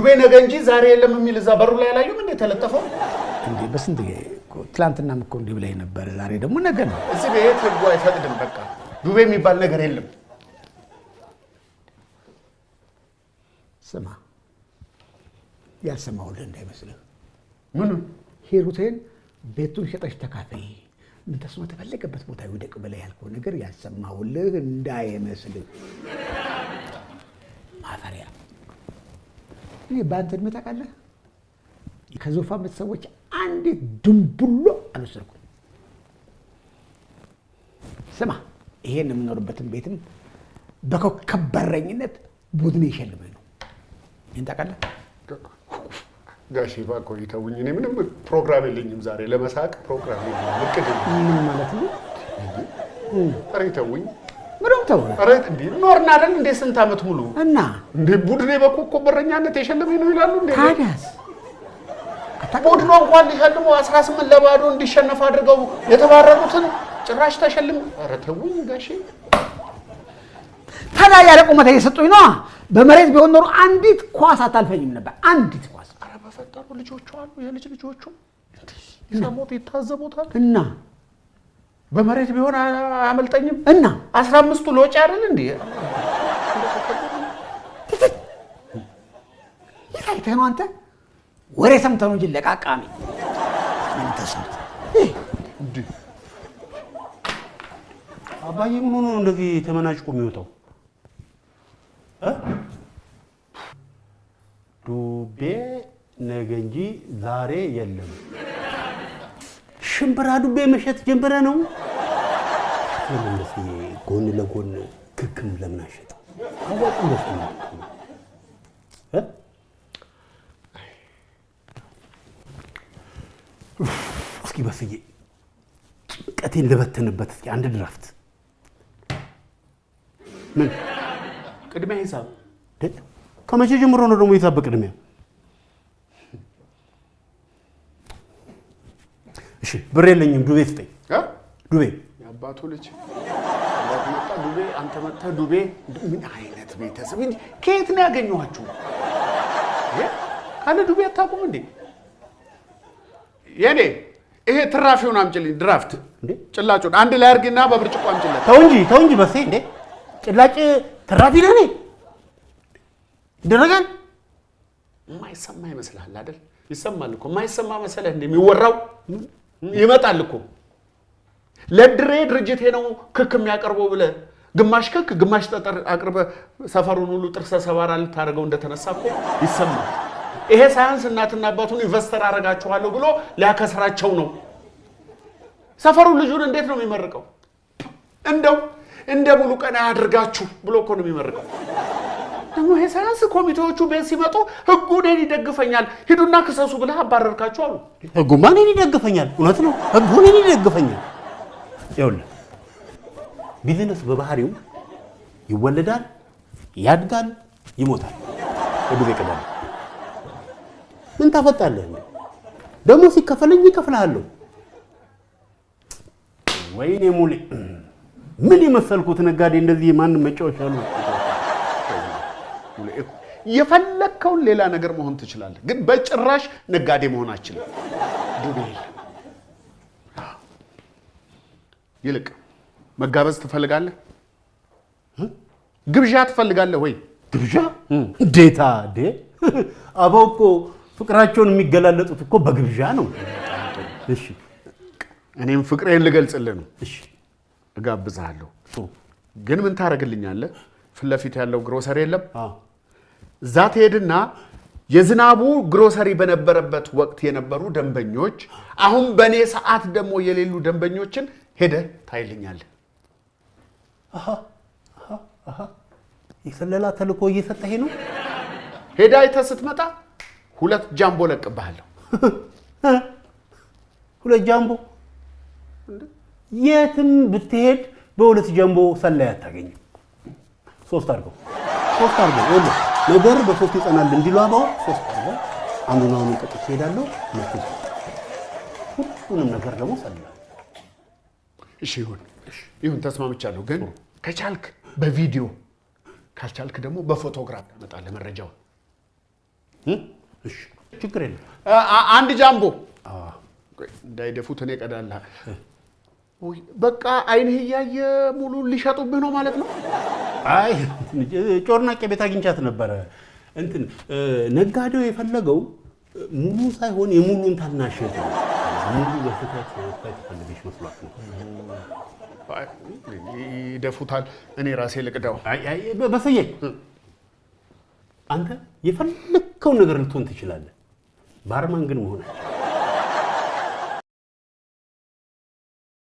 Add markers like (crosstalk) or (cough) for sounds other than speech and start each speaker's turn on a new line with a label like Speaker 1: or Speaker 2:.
Speaker 1: ዱቤ ነገ እንጂ ዛሬ የለም የሚል እዛ በሩ ላይ ያላዩ ምን የተለጠፈው
Speaker 2: እንዴ? በስንት ትላንትና ምኮ እንዲህ ብላይ ነበረ። ዛሬ ደግሞ ነገ ነው።
Speaker 1: እዚህ ቤት ህጉ አይፈቅድም። በቃ ዱቤ የሚባል ነገር የለም።
Speaker 2: ስማ፣ ያልሰማሁልህ እንዳይመስልህ። ምኑ ሄሩቴን ቤቱን ሸጠሽ ተካፈይ ምንተስኖ ተፈለገበት ቦታ ይውደቅ ብለህ ያልከው ነገር ያልሰማሁልህ እንዳይመስልህ ማፈሪያ እኔ በአንተ እድሜ ታውቃለህ፣ ከዙፋን ሰዎች አንድ ድንቡሎ አልወሰድኩም። ስማ ይሄን የምኖርበትን ቤትም በኮከብ በረኝነት ቡድን የሸልመኝ ነው። ይህን ታውቃለህ
Speaker 1: ጋሼ እባክዎ ይተውኝ። እኔ ምንም ፕሮግራም የለኝም ዛሬ ለመሳቅ ፕሮግራም የለኝም። እቅድ ምን ማለት ነው? ኧረ ይተውኝ ምንም ተው አረጥ እንዴ ኖርና አይደል እንዴ ስንት ዓመት ሙሉ እና እንዴ ቡድኔ በኮኮ በረኛነት የሸለመኝ ነው ይላሉ እንዴ ታዲያስ ቡድኑ እንኳን ሊሸልሙ 18 ለባዶ እንዲሸነፍ አድርገው የተባረሩትን ጭራሽ ተሸልም ኧረ ተውኝ ጋሼ
Speaker 2: ታዲያ ያለ ቁመት እየሰጡኝ ነው በመሬት ቢሆን ኖሮ አንዲት ኳስ አታልፈኝም ነበር አንዲት ኳስ
Speaker 1: ኧረ በፈጠሩ ልጆቹ አሉ የልጅ ልጆቹ ይሰሙት ይታዘቡታል
Speaker 2: እና በመሬት ቢሆን አያመልጠኝም። እና
Speaker 1: አስራ አምስቱ ለወጪ አይደል እንዲ
Speaker 2: የታይተህ ነው አንተ ወሬ ሰምተህ ነው እንጂ ለቃቃሚ አባዬ ምን ሆኖ ነው እንደዚህ ተመናጭቆ የሚወጣው? ዱቤ ነገ እንጂ ዛሬ የለም። ሽምብራ ዱቤ መሸት ጀምረ ነው። ጎን ለጎን ክክም ለምን አሸጠ? እስኪ በስዬ ጭንቀቴን ልበትንበት። እስኪ አንድ ድራፍት
Speaker 1: ምን ቅድሚያ ሂሳብ
Speaker 2: ከመቼ ጀምሮ ነው ደግሞ ሂሳብ በቅድሚያ እሺ ብር የለኝም፣ ዱቤ ስጠኝ። ዱቤ
Speaker 1: የአባቱ ልጅ ዱቤ፣ አንተ መጥተህ ዱቤ። ምን አይነት ቤተሰብ ከየት ነው ያገኘኋችሁ? ካለ ዱቤ አታውቁም እንዴ? የኔ ይሄ ትራፊውን አምጭልኝ፣ ድራፍት ጭላጩን አንድ ላይ አድርግና በብርጭቆ አምጭልኝ።
Speaker 2: ተው እንጂ ተው እንጂ በሴ እንዴ ጭላጭ ትራፊ ነህ እኔ ይደረጋል።
Speaker 1: የማይሰማ ይመስልሃል አይደል? ይሰማል እኮ የማይሰማ መሰለህ እንደሚወራው ይመጣል እኮ ለድሬ ድርጅቴ ነው ክክ የሚያቀርበው ብለ ግማሽ ክክ ግማሽ ጠጠር አቅርበ ሰፈሩን ሁሉ ጥርሰ ሰባራ ልታደርገው እንደተነሳ እኮ ይሰማል። ይሄ ሳያንስ እናትና አባቱን ኢንቨስተር አደርጋችኋለሁ ብሎ ሊያከስራቸው ነው። ሰፈሩን ልጁን እንዴት ነው የሚመርቀው? እንደው እንደ ሙሉ ቀን አያድርጋችሁ ብሎ እኮ ነው የሚመርቀው። ደግሞ የሳያንስ ኮሚቴዎቹ ቤት ሲመጡ ህጉ እኔን ይደግፈኛል፣ ሂዱና ክሰሱ ብለህ አባረርካቸው አሉ።
Speaker 2: ህጉማ እኔን ይደግፈኛል። እውነት ነው፣ ህጉ እኔን ይደግፈኛል። ይኸውልህ ቢዝነስ በባህሪው ይወለዳል፣ ያድጋል፣ ይሞታል። እድሜ ቅደም ምን ታፈጣለህ? ደግሞ ሲከፈለኝ ይከፍልሃለሁ። ወይኔ ሙሌ ምን የመሰልኩት ነጋዴ! እንደዚህ ማንም መጫወቻ አሉ።
Speaker 1: የፈለግከውን ሌላ ነገር መሆን ትችላለህ፣ ግን በጭራሽ ነጋዴ መሆን አችልም። ዱቤ ይልቅ መጋበዝ ትፈልጋለህ? ግብዣ ትፈልጋለህ ወይ?
Speaker 2: ግብዣ ዴታ ዴ አበው እኮ ፍቅራቸውን የሚገላለጡት እኮ በግብዣ ነው።
Speaker 1: እኔም ፍቅሬን ልገልጽልህ ነው። እጋብዝሃለሁ፣ ግን ምን ታደርግልኛለህ? ፊት ለፊት ያለው ግሮሰሪ የለም። እዛ ትሄድና የዝናቡ ግሮሰሪ በነበረበት ወቅት የነበሩ ደንበኞች፣ አሁን በእኔ ሰዓት ደግሞ የሌሉ ደንበኞችን ሄደ ታይልኛል።
Speaker 2: የስለላ ተልእኮ እየሰጠህ ነው።
Speaker 1: ሄዳ አይተህ ስትመጣ ሁለት ጃምቦ ለቅብሃለሁ። (laughs)
Speaker 2: ሁለት ጃምቦ የትም ብትሄድ በሁለት ጃምቦ ሰላይ አታገኝም። ሶስት አድርገው ሶስት አድርገው ወሎ ነገር በሶስት ይጸናል እንዲሉ አበው ሶስት አድርገው አንዱን አሁን ቀጥቼ እሄዳለሁ። ሁለቱም ሁሉንም ነገር ደግሞ ሰላ
Speaker 1: እሺ፣ ይሁን ይሁን፣ ተስማምቻለሁ። ግን ከቻልክ በቪዲዮ ካልቻልክ ደግሞ በፎቶግራፍ ታመጣለህ መረጃውን።
Speaker 2: እሺ፣ ችግር የለም።
Speaker 1: አንድ ጃምቦ እንዳይደፉት እኔ ቀዳላ በቃ አይንህ እያየ ሙሉ ሊሸጡብህ ነው ማለት ነው?
Speaker 2: አይ ጮርናቄ ቤት አግኝቻት ነበረ። እንትን ነጋዴው የፈለገው ሙሉ ሳይሆን የሙሉን ታናሽ ሙሉ በስህተት ትፈልግሽ
Speaker 1: መስሏት ነው። ይደፉታል። እኔ ራሴ ልቅደው።
Speaker 2: በስዬ አንተ የፈለግከውን ነገር ልትሆን ትችላለህ። ባርማን ግን መሆናል